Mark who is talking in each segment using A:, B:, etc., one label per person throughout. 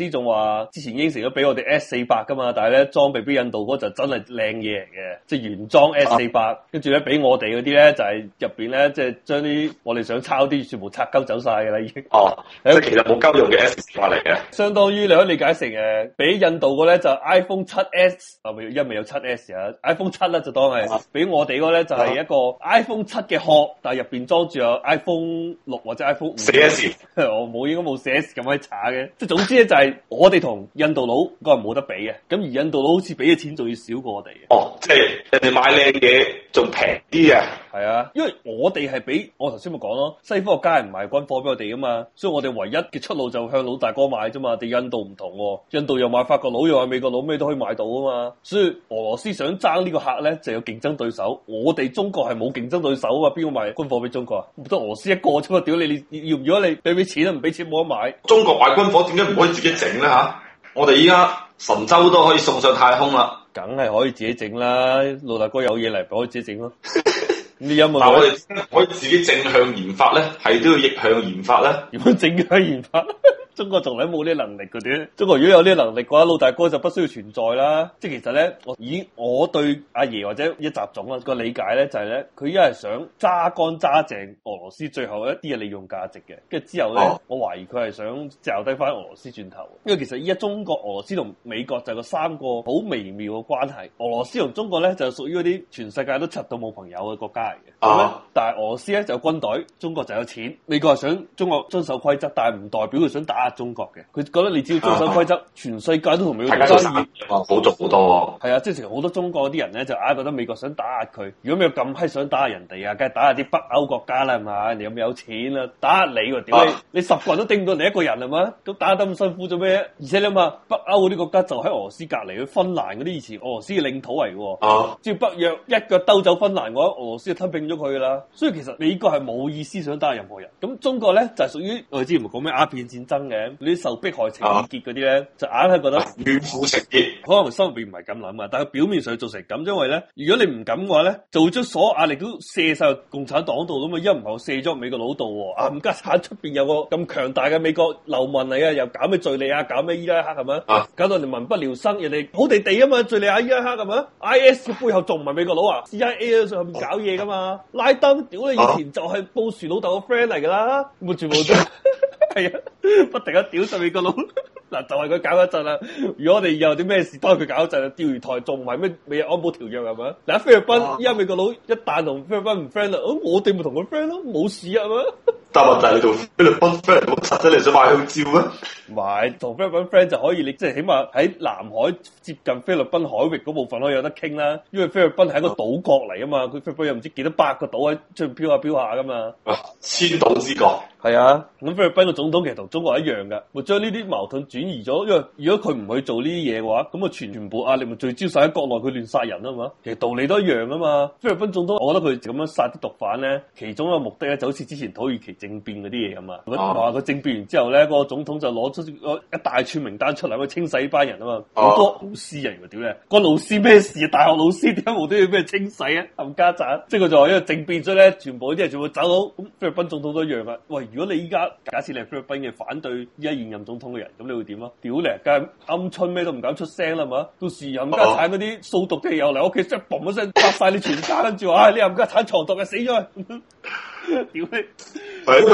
A: 之仲話之前應承咗俾我哋 S 四百噶嘛，但係咧裝備俾印度嗰就真係靚嘢嚟嘅，即係原裝 S 四百，跟住咧俾我哋嗰啲咧就係入邊咧即係將啲我哋想抄啲全部拆鳩走晒噶啦已經哦，即、啊、其實冇鳩用嘅 S 四嚟嘅，相當於你可以理解成誒俾印度個咧就是、iPhone 七 S 啊咪因為有七 S 啊，iPhone 七咧就當係俾、啊、我哋嗰咧就係、是、一個 iPhone 七嘅殼，但係入邊裝住有 iPhone 六或者 iPhone 五四 S，我冇應該冇四 S 咁閪差嘅，即係總之咧就係、是。我哋同印度佬嗰係冇得比嘅，咁而印度佬好似俾嘅錢仲要少過我哋嘅。哦，即係人哋買靚嘢仲平啲啊！係啊，因為我哋係俾我頭先咪講咯，西方國家係唔賣軍火俾我哋噶嘛，所以我哋唯一嘅出路就向老大哥買啫嘛。哋印度唔同，啊，印度又買法國佬，又買美國佬，咩都可以買到啊嘛。所以俄羅斯想爭呢個客咧，就有競爭對手。我哋中國係冇競爭對手啊嘛，邊個賣軍火俾中國啊？唔得俄羅斯一個啫嘛，屌你你，要唔要啊？你俾俾錢都唔俾錢，冇得買。中國買軍火點解唔可以自己整咧？吓，我哋依家神舟都可以送上太空啦，梗係可以自己整啦。老大哥有嘢嚟，可以自己整咯。 嗱，但我哋可以自己正向研發咧，係都要逆向研發咧。如果正向研發？ 中國仲係冇呢能力嗰啲，中國如果有呢能力嘅話，老大哥就不需要存在啦。即係其實咧，以我對阿爺或者一習總啊個理解咧，就係、是、咧，佢一係想揸乾揸淨俄羅斯最後一啲嘅利用價值嘅，跟住之後咧，我懷疑佢係想掉低翻俄羅斯轉頭。因為其實依家中國、俄羅斯同美國就係個三個好微妙嘅關係。俄羅斯同中國咧就屬於嗰啲全世界都插到冇朋友嘅國家嚟嘅、啊，但係俄羅斯咧就有軍隊，中國就有錢，美國係想中國遵守規則，但係唔代表佢想打。中國嘅佢覺得你只要遵守規則，全世界都同美國對立。哦，足、嗯、好、啊、多。係啊，即係成好多中國啲人咧，就啊覺得美國想打壓佢。如果你有咁閪想打下人哋啊，梗係打下啲北歐國家啦，係咪？你有冇有錢啊，打你喎、啊？點啊？你十個人都頂唔到你一個人係嘛？咁打得咁辛苦做咩？而且你諗下，北歐嗰啲國家就喺俄羅斯隔離，去芬蘭嗰啲以前俄羅斯嘅領土嚟嘅喎。啊！只要北約一腳兜走芬蘭，嘅話俄羅斯就吞並咗佢啦。所以其實美國係冇意思想打下任何人。咁中國咧就係屬於我哋之前唔係講咩鴉片戰爭嘅。你受迫害情結嗰啲咧，就硬係覺得軟腐情結，可能心入邊唔係咁諗啊，但係表面上做成咁，因為咧，如果你唔敢嘅話咧，做出所壓力都射晒共產黨度咁啊，一唔係我射咗美國佬度喎，啊，冚家鏟出邊有個咁強大嘅美國流民嚟啊，又搞咩敘利亞、搞咩伊拉克，係咪啊？搞到你民不聊生，人哋好地地啊嘛，敘利亞、伊拉克，係咪？I S 嘅背後仲唔係美國佬啊？C I A 喺上面搞嘢噶嘛？拉登，屌你以前就係布殊老豆嘅 friend 嚟噶啦，冇住冇住。 係啊，不停咁屌上美國佬，嗱，就係佢搞一陣啦。如果我哋以後有啲咩事幫佢搞一陣，釣魚台仲唔係咩美日安保條約係嘛？嗱，菲律賓，依、啊、家美國佬一旦同菲律賓唔 friend 啦、啊，我哋咪同佢 friend 咯，冇事啊，係嘛？但問題係，你同菲律賓 friend 冇殺親，想買香蕉咩？唔係，同菲律賓 friend 就可以，你即係起碼喺南海接近菲律賓海域嗰部分可以有得傾啦。因為菲律賓係一個島國嚟啊嘛，佢菲律賓又唔知幾多百個島喺出邊飄下飄下噶嘛。啊、千島之國係啊，咁菲律賓嘅總統其實同中國一樣嘅，咪將呢啲矛盾轉移咗。因為如果佢唔去做呢啲嘢嘅話，咁啊全全部壓力咪聚焦晒喺國內，佢亂殺人咯，係嘛？其實道理都一樣啊嘛。菲律賓總統，我覺得佢咁樣殺啲毒販咧，其中一個目的咧就好似之前土耳其。政變嗰啲嘢咁啊，話佢政變完之後咧，個總統就攞出一大串名單出嚟，去清洗班人啊嘛。好多好私人嘅屌咧，個老師咩事啊？大學老師點解無端端要俾人清洗啊？冚家鏟，即係佢就話，是，因為政變咗咧，全部啲人就會走到咁，菲律賓總統都一樣啊。喂，如果你依家假設你係菲律賓嘅反對依家現任總統嘅人，咁你會點啊？屌你，梗係鵪鶉咩都唔敢出聲啦嘛。到時冚家鏟嗰啲掃毒啲人嚟屋企，即係嘣一聲殺晒你全家，跟住話你冚家鏟藏毒嘅死咗。 因為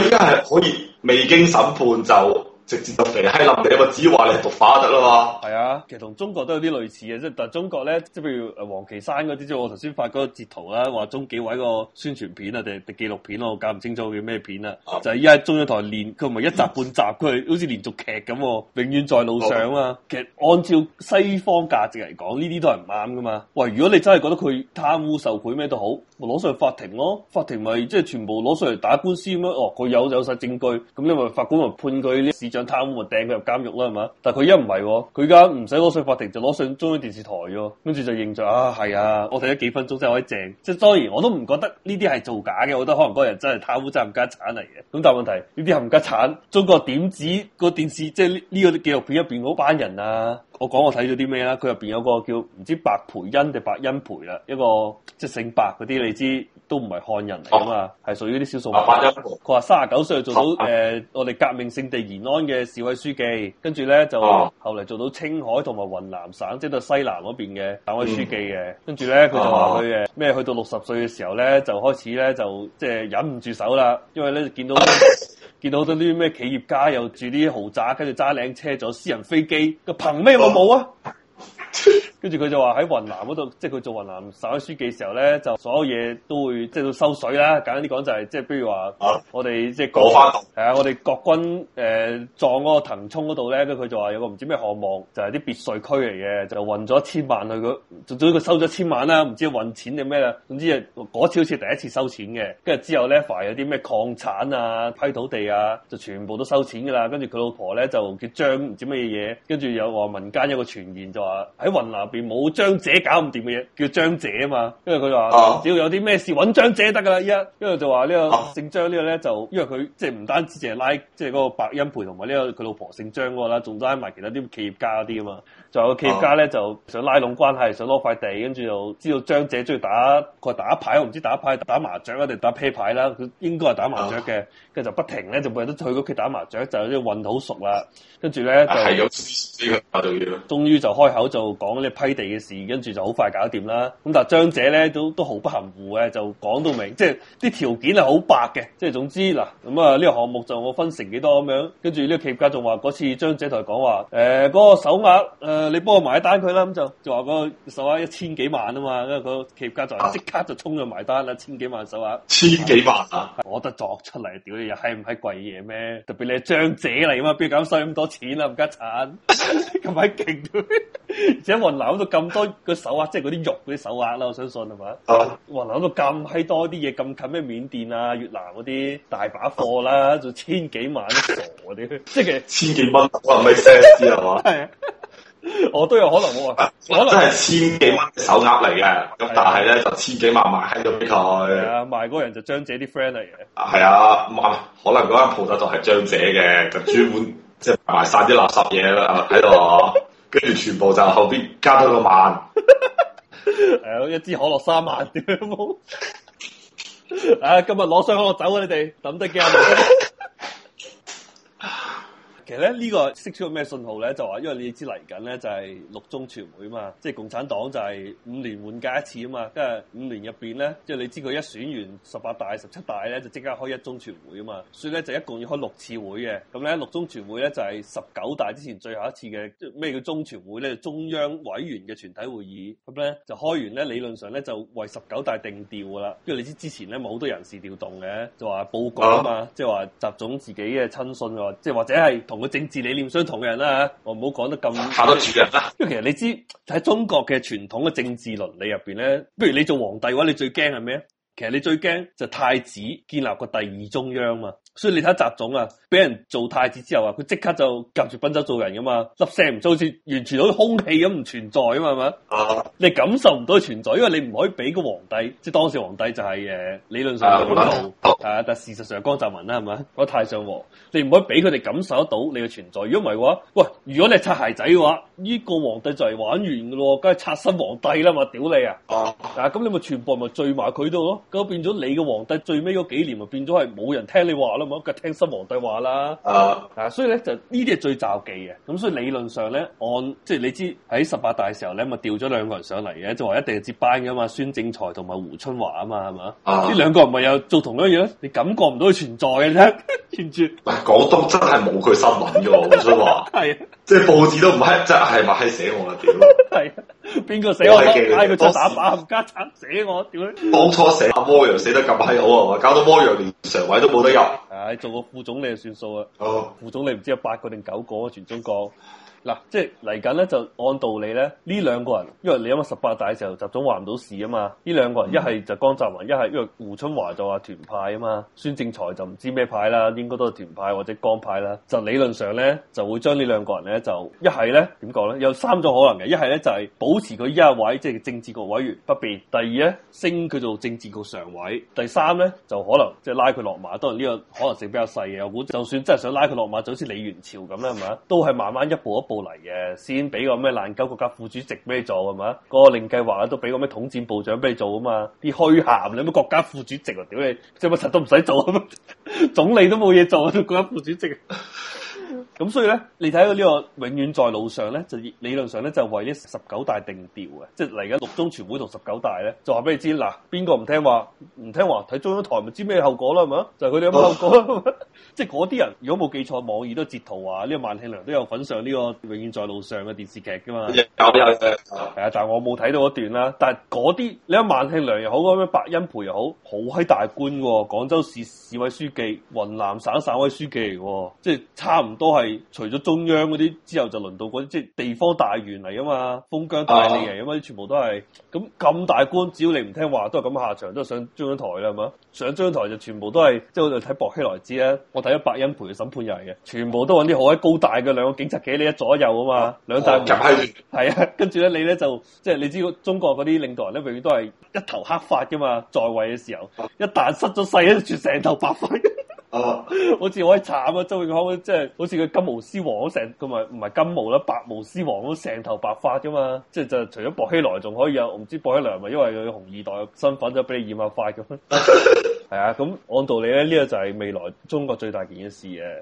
A: 依家係可以未經審判就。直接就地，閪林地，我只話你讀法得啦嘛。係啊，其實同中國都有啲類似嘅，即係但係中國咧，即係譬如誒王岐山嗰啲啫。我頭先發嗰個截圖啦，話中紀委個宣傳片啊，定紀錄片咯，我搞唔清楚佢咩片啊。就係依家喺中央台連佢唔係一集半集，佢係好似連續劇咁喎，永遠在路上啦、嗯。其實按照西方價值嚟講，呢啲都係唔啱噶嘛。喂，如果你真係覺得佢貪污受賄咩都好，咪攞上去法庭咯，法庭咪即係全部攞上嚟打官司咁樣。哦，佢有就有晒證據，咁因為法官咪判佢呢將貪污咪掟佢入監獄啦，係嘛？但係佢依家唔係，佢而家唔使攞上法庭，就攞上中央電視台喎，跟住就認咗啊，係啊，我睇咗幾分鐘真係可以正，即係當然我都唔覺得呢啲係造假嘅，我覺得可能嗰人真係貪污真、貪冚家產嚟嘅。咁但係問題呢啲冚家產，中國點指個電視即係呢呢個紀錄片入邊嗰班人啊？我講我睇咗啲咩啦？佢入邊有個叫唔知白培恩定白恩培啦，一個即係姓白嗰啲，你知都唔係漢人嚟噶嘛，係、啊、屬於啲少數民族白恩培佢話三十九歲做到誒、啊呃，我哋革命聖地延安。嘅市委書記，跟住咧就後嚟做到青海同埋雲南省，即係西南嗰邊嘅黨委書記嘅，跟住咧佢就話佢嘅咩，去到六十歲嘅時候咧，就開始咧就即係、就是、忍唔住手啦，因為咧見到 見到好多啲咩企業家又住啲豪宅，跟住揸靚車，坐私人飛機，佢憑咩我冇啊？ 跟住佢就話喺雲南嗰度，即係佢做雲南省委書記時候咧，就所有嘢都會即係都收水啦。簡單啲講就係、是，即係比如話，我哋即係國返，係啊，我哋國軍、呃、撞嗰個騰衝嗰度咧，跟住佢就話有個唔知咩項目，就係、是、啲別墅區嚟嘅，就運咗一千萬去佢，總之佢收咗一千萬啦，唔知要運錢定咩啦。總之嗰次好似第一次收錢嘅，跟住之後咧，凡有啲咩礦產啊、批土地啊，就全部都收錢㗎啦。跟住佢老婆咧就叫張唔知乜嘢嘢，跟住有個民間有個傳言就話喺雲南。邊冇張姐搞唔掂嘅嘢，叫張姐啊嘛，因為佢就話，啊、只要有啲咩事揾張姐得噶啦，依家因為就話呢個姓張個呢個咧，就因為佢即係唔單止淨係拉，即係嗰個白恩培同埋呢個佢老婆姓張嗰個啦，仲拉埋其他啲企業家嗰啲啊嘛。就有個企業家咧就想拉攏關係，啊、想攞塊地，跟住就知道張姐中意打個打牌，我唔知打牌打麻雀啊定打啤牌啦，佢應該係打麻雀嘅，跟、啊、住就不停咧就每日都去屋企打麻雀，就已經混好熟啦。跟住咧就係有呢個矛盾嘅。終、啊、於就開口就講呢批地嘅事，跟住就好快就搞掂啦。咁但係張姐咧都都毫不含糊嘅，就講到明， 即係啲條件係好白嘅，即係總之嗱咁啊呢個項目就我分成幾多咁樣，跟住呢個企業家仲話嗰次張姐同佢講話誒嗰個手額誒。呃你幫我埋單佢啦，咁就就話個手啊，一千幾萬啊嘛，因為個企業家就即刻就衝咗埋單啦，千幾萬手啊，千幾萬啊，我覺得作出嚟，屌你又係唔係貴嘢咩？特別你係張姐嚟啊嘛，邊敢收咁多錢啊？唔家鏟咁閪勁，而且雲南攞到咁多個手啊，即係嗰啲肉嗰啲手啊啦，我相信係嘛、嗯？啊，雲南攞到咁閪多啲嘢，咁近咩緬甸啊、越南嗰啲大把貨啦，做千幾萬傻屌，即係千幾蚊我蚊 cents 係嘛？ 我、哦、都有可能喎，啊，可能真係千幾蚊手鴨嚟嘅，咁、啊、但係咧、啊、就千幾萬賣喺度俾佢。係啊，賣嗰人就張姐啲 friend 嚟嘅。係啊，萬、啊啊、可能嗰間鋪頭就係張姐嘅，就專門即係賣晒啲垃圾嘢啦喺度，跟 住全部就後邊加咗個萬，係 啊，一支可樂三萬，好唔好？啊，今日攞箱可樂走啊，你哋等得嘅。可 其實咧呢個釋出個咩信號咧，就話因為你知嚟緊咧就係六中全會嘛，即係共產黨就係五年換屆一次啊嘛，跟住五年入面咧，即係你知佢一選完十八大、十七大咧，就即刻開一中全會啊嘛，所以咧就一共要開六次會嘅，咁咧六中全會咧就係十九大之前最後一次嘅咩叫中全會咧，中央委員嘅全體會議，咁咧就開完咧理論上咧就為十九大定調噶啦，跟住你知之前咧冇好多人事調動嘅，就話報告啊嘛，啊即係話習總自己嘅親信，或即係或者係同。我政治理念相同嘅人啦，嚇，我唔好講得咁太多注人啦。因為其實你知喺中國嘅傳統嘅政治倫理入邊咧，不如你做皇帝嘅話，你最驚係咩？其實你最驚就太子建立個第二中央嘛。所以你睇習總啊，俾人做太子之後啊，佢即刻就夾住賓州做人噶嘛，粒聲唔做好似完全好似空氣咁唔存在啊嘛，係、啊、嘛？你感受唔到存在，因為你唔可以俾個皇帝，即係當時皇帝就係、是、誒、啊、理論上係，係啊，啊，但事實上江澤民啦，係咪？個太上皇，你唔可以俾佢哋感受得到你嘅存在，如果唔係嘅話，喂，如果你擦鞋仔嘅話，呢、這個皇帝就係玩完噶咯，梗係擦新皇帝啦嘛，屌你啊！啊，咁、啊、你咪全部咪聚埋佢度咯，咁變咗你嘅皇帝最尾嗰幾年咪變咗係冇人聽你話咁我梗聽新皇帝話啦，嗱、啊啊，所以咧就呢啲係最招忌嘅，咁所以理論上咧，按即係你知喺十八大嘅時候咧，咪調咗兩個人上嚟嘅，就話一定係接班噶嘛，孫政才同埋胡春華啊嘛，係嘛，呢兩個人咪又做同樣嘢，你感覺唔到佢存在嘅啫，完全。唔係廣東真係冇佢新聞嘅，胡春華，係、 啊，即、就、係、是、報紙都唔係，真係咪係寫我嘅，點 是啊？ 邊個死我？拉佢再打靶，家鏟死我！屌，當初死阿汪洋死得咁閪好啊，搞到汪洋連常委都冇得入。唉，做個副總理就算數啦。好、哦，副總理唔知有八個定九個啊，全中國。嗱，即係嚟緊咧，就按道理咧，呢兩個人，因為你諗下十八大嘅時候習總話唔到事啊嘛，呢兩個人、嗯、一係就是江澤民，一係因為胡春華就話團派啊嘛，孫政才就唔知咩派啦，應該都係團派或者江派啦。就理論上咧，就會將呢兩個人咧，就一係咧點講咧，有三種可能嘅，一係咧就係、是、保持佢一位即係、就是、政治局委員不變，第二咧升佢做政治局常委，第三咧就可能即係拉佢落馬，當然呢個可能性比較細嘅，我估就算真係想拉佢落馬，就好似李源潮咁咧，係咪啊？都係慢慢一步一步。嚟嘅，先俾個咩爛鳩國家副主席俾你做係咪啊？嗰個令計劃咧都俾個咩統戰部長俾你做啊嘛？啲虛銜你咩國家副主席啊？屌你，即係乜神都唔使做啊嘛？總理都冇嘢做啊，國家副主席啊！咁所以咧，你睇到呢個永遠在路上咧，就理論上咧就為呢十九大定調嘅，即係嚟緊六中全會同十九大咧，就話俾你知嗱，邊個唔聽話，唔聽話睇中央台，咪知咩後果啦？係咪？就係佢哋有冇後果？即係嗰啲人，如果冇記錯，網易都截圖話呢個萬慶良都有份上呢個《永遠在路上》嘅、啊就是啊 這個、電視劇㗎嘛？有有係啊，但我冇睇到一段啦。但係嗰啲你萬慶良又好，咁白恩培又好，好閪大官喎，廣州市市委書記、雲南省省委書記嚟喎，即差唔多係。除咗中央嗰啲之後就輪，就輪到嗰啲即係地方大員嚟啊嘛，封疆大吏嚟，噶嘛，全部都係咁咁大官，只要你唔聽話，都係咁下場，都係上中央台啦，係嘛？上中央台就全部都係，即係我哋睇薄熙來知咧，我睇咗白恩培嘅審判日嘅，全部都揾啲好閪高大嘅，兩個警察企你一左右啊嘛，兩大塊，係、哦、啊，跟住咧你咧就即係你知道中國嗰啲領導人咧永遠都係一頭黑髮噶嘛，在位嘅時候，一旦失咗勢咧，就成頭白髮。 好似我係慘啊！周永康即係、就是、好似個金毛獅王，成咁咪唔係金毛啦，白毛獅王，成頭白髮噶嘛，即、就、係、是、就除咗薄熙來仲可以啊，我唔知薄熙來係咪因為佢紅二代身份，就俾你染下髮咁。係 啊，咁按道理咧，呢、這個就係未來中國最大件事嘅。